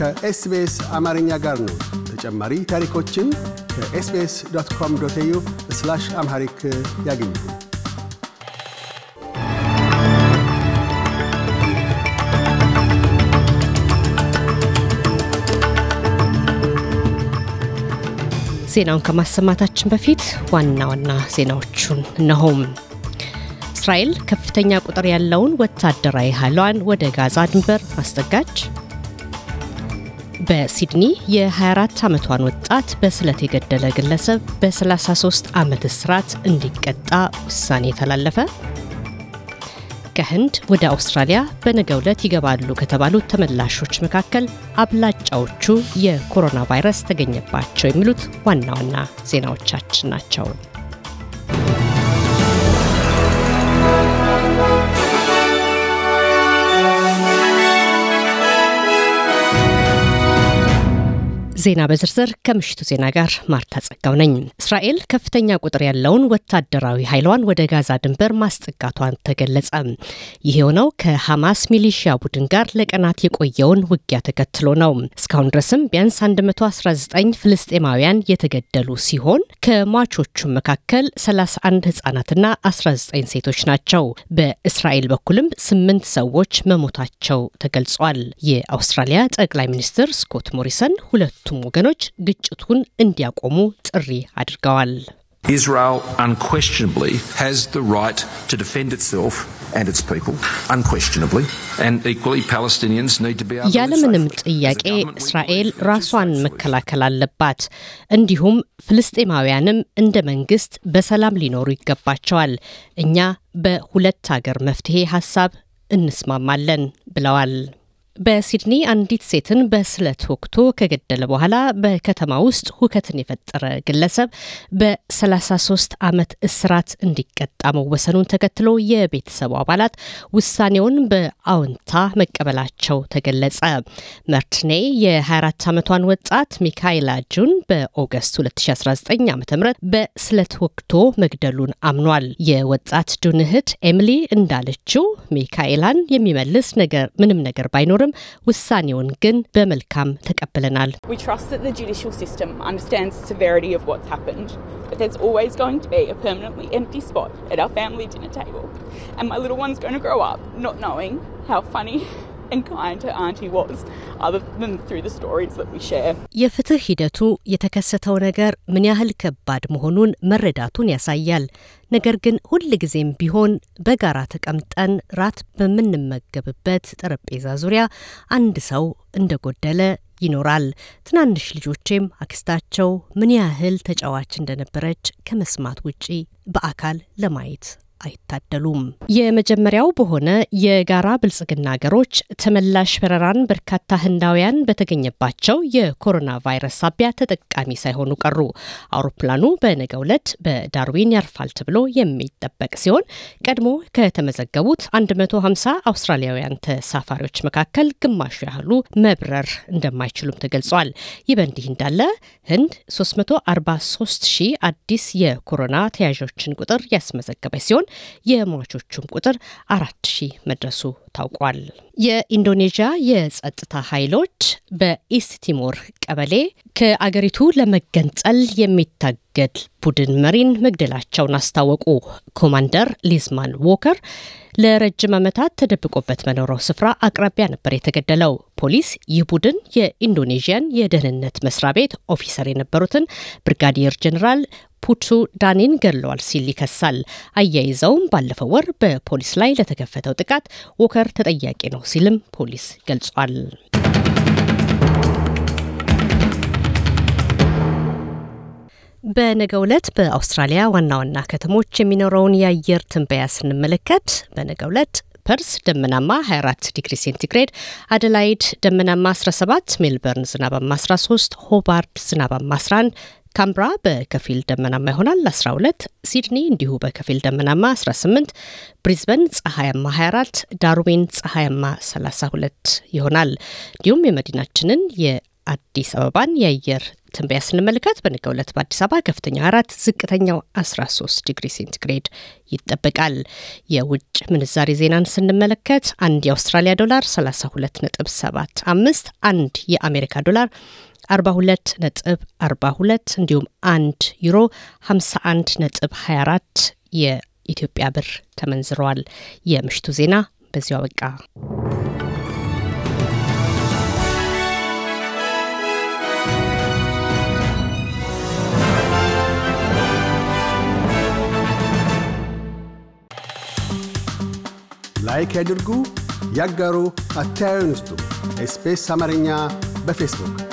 ከኤስቢኤስ አማርኛ ጋር ነው። ተጨማሪ ታሪኮችን ከኤስቢኤስ ዶት ኮም ዶት ስላሽ አምሃሪክ ያገኙ። ዜናውን ከማሰማታችን በፊት ዋና ዋና ዜናዎቹን እነሆም። እስራኤል ከፍተኛ ቁጥር ያለውን ወታደራዊ ኃይሏን ወደ ጋዛ ድንበር አስጠጋች። በሲድኒ የ24 ዓመቷን ወጣት በስለት የገደለ ግለሰብ በ33 ዓመት እስራት እንዲቀጣ ውሳኔ የተላለፈ፣ ከህንድ ወደ አውስትራሊያ በነገ ዕለት ይገባሉ ከተባሉት ተመላሾች መካከል አብላጫዎቹ የኮሮና ቫይረስ ተገኘባቸው የሚሉት ዋና ዋና ዜናዎቻችን ናቸው። ዜና በዝርዝር ከምሽቱ ዜና ጋር ማርታ ጸጋው ነኝ። እስራኤል ከፍተኛ ቁጥር ያለውን ወታደራዊ ኃይሏን ወደ ጋዛ ድንበር ማስጠጋቷን ተገለጸ። ይህ የሆነው ከሐማስ ሚሊሺያ ቡድን ጋር ለቀናት የቆየውን ውጊያ ተከትሎ ነው። እስካሁን ድረስም ቢያንስ 119 ፍልስጤማውያን የተገደሉ ሲሆን ከሟቾቹም መካከል 31 ህጻናትና 19 ሴቶች ናቸው። በእስራኤል በኩልም ስምንት ሰዎች መሞታቸው ተገልጿል። የአውስትራሊያ ጠቅላይ ሚኒስትር ስኮት ሞሪሰን ሁለቱ ሁለቱም ወገኖች ግጭቱን እንዲያቆሙ ጥሪ አድርገዋል። Israel unquestionably has the right to defend itself and its people, unquestionably, and equally Palestinians need to be able ያለምንም ጥያቄ እስራኤል ራሷን መከላከል አለባት። እንዲሁም ፍልስጤማውያንም እንደ መንግስት በሰላም ሊኖሩ ይገባቸዋል። እኛ በሁለት ሀገር መፍትሄ ሀሳብ እንስማማለን ብለዋል። በሲድኒ አንዲት ሴትን በስለት ወቅቶ ከገደለ በኋላ በከተማ ውስጥ ሁከትን የፈጠረ ግለሰብ በ33 ዓመት እስራት እንዲቀጣ መወሰኑን ተከትሎ የቤተሰቡ አባላት ውሳኔውን በአዎንታ መቀበላቸው ተገለጸ። መርትኔ የ24 ዓመቷን ወጣት ሚካኤላ ጁን በኦገስት 2019 ዓ ም በስለት ወቅቶ መግደሉን አምኗል። የወጣት ጁን እህት ኤምሊ እንዳለችው ሚካኤላን የሚመልስ ነገር ምንም ነገር ባይኖርም ቢኖርም ውሳኔውን ግን በመልካም ተቀብለናል። How funny የፍትህ ሂደቱ የተከሰተው ነገር ምን ያህል ከባድ መሆኑን መረዳቱን ያሳያል። ነገር ግን ሁል ጊዜም ቢሆን በጋራ ተቀምጠን ራት በምንመገብበት ጠረጴዛ ዙሪያ አንድ ሰው እንደጎደለ ይኖራል። ትናንሽ ልጆቼም አክስታቸው ምን ያህል ተጫዋች እንደነበረች ከመስማት ውጪ በአካል ለማየት አይታደሉም። የመጀመሪያው በሆነ የጋራ ብልጽግና ሀገሮች ተመላሽ በረራን በርካታ ህንዳውያን በተገኘባቸው የኮሮና ቫይረስ ሳቢያ ተጠቃሚ ሳይሆኑ ቀሩ። አውሮፕላኑ በነገ ዕለት በዳርዊን ያርፋል ተብሎ የሚጠበቅ ሲሆን ቀድሞ ከተመዘገቡት 150 አውስትራሊያውያን ተሳፋሪዎች መካከል ግማሹ ያህሉ መብረር እንደማይችሉም ተገልጿል። ይህ በእንዲህ እንዳለ ህንድ 343 ሺህ አዲስ የኮሮና ተያዦችን ቁጥር ያስመዘገበ ሲሆን የሟቾቹም ቁጥር አራት ሺህ መድረሱ ታውቋል። የኢንዶኔዥያ የጸጥታ ኃይሎች በኢስቲሞር ቲሞር ቀበሌ ከአገሪቱ ለመገንጠል የሚታገድ ቡድን መሪን መግደላቸውን አስታወቁ። ኮማንደር ሊዝማን ዎከር ለረጅም ዓመታት ተደብቆበት መኖረው ስፍራ አቅራቢያ ነበር የተገደለው። ፖሊስ ይህ ቡድን የኢንዶኔዥያን የደህንነት መስሪያ ቤት ኦፊሰር የነበሩትን ብርጋዲየር ጀኔራል ፑቹ ዳኔን ገድለዋል ሲል ይከሳል። አያይዘውም ባለፈው ወር በፖሊስ ላይ ለተከፈተው ጥቃት ዎከር ተጠያቂ ነው ሲልም ፖሊስ ገልጿል። በነገ ዕለት በአውስትራሊያ ዋና ዋና ከተሞች የሚኖረውን የአየር ትንበያ ስንመለከት በነገ ዕለት ፐርስ ደመናማ 24 ዲግሪ ሴንቲግሬድ፣ አደላይድ ደመናማ 17፣ ሜልበርን ዝናባማ 13፣ ሆባርድ ዝናባማ 11 ካምብራ በከፊል ደመናማ ይሆናል 12፣ ሲድኒ እንዲሁ በከፊል ደመናማ 18፣ ብሪዝበን ፀሐያማ 24፣ ዳርዊን ፀሐያማ 32 ይሆናል። እንዲሁም የመዲናችንን የአዲስ አበባን የአየር ትንበያ ስንመለከት በነገው ዕለት በአዲስ አበባ ከፍተኛው 4 ዝቅተኛው 13 ዲግሪ ሴንቲግሬድ ይጠበቃል። የውጭ ምንዛሬ ዜናን ስንመለከት አንድ የአውስትራሊያ ዶላር 32.75፣ አንድ የአሜሪካ ዶላር 42 ነጥብ 42 እንዲሁም 1 ዩሮ 51 ነጥብ 24 የኢትዮጵያ ብር ተመንዝረዋል። የምሽቱ ዜና በዚሁ አበቃ። ላይክ ያድርጉ፣ ያጋሩ፣ አስተያየትዎን ኤስፔስ አማርኛ በፌስቡክ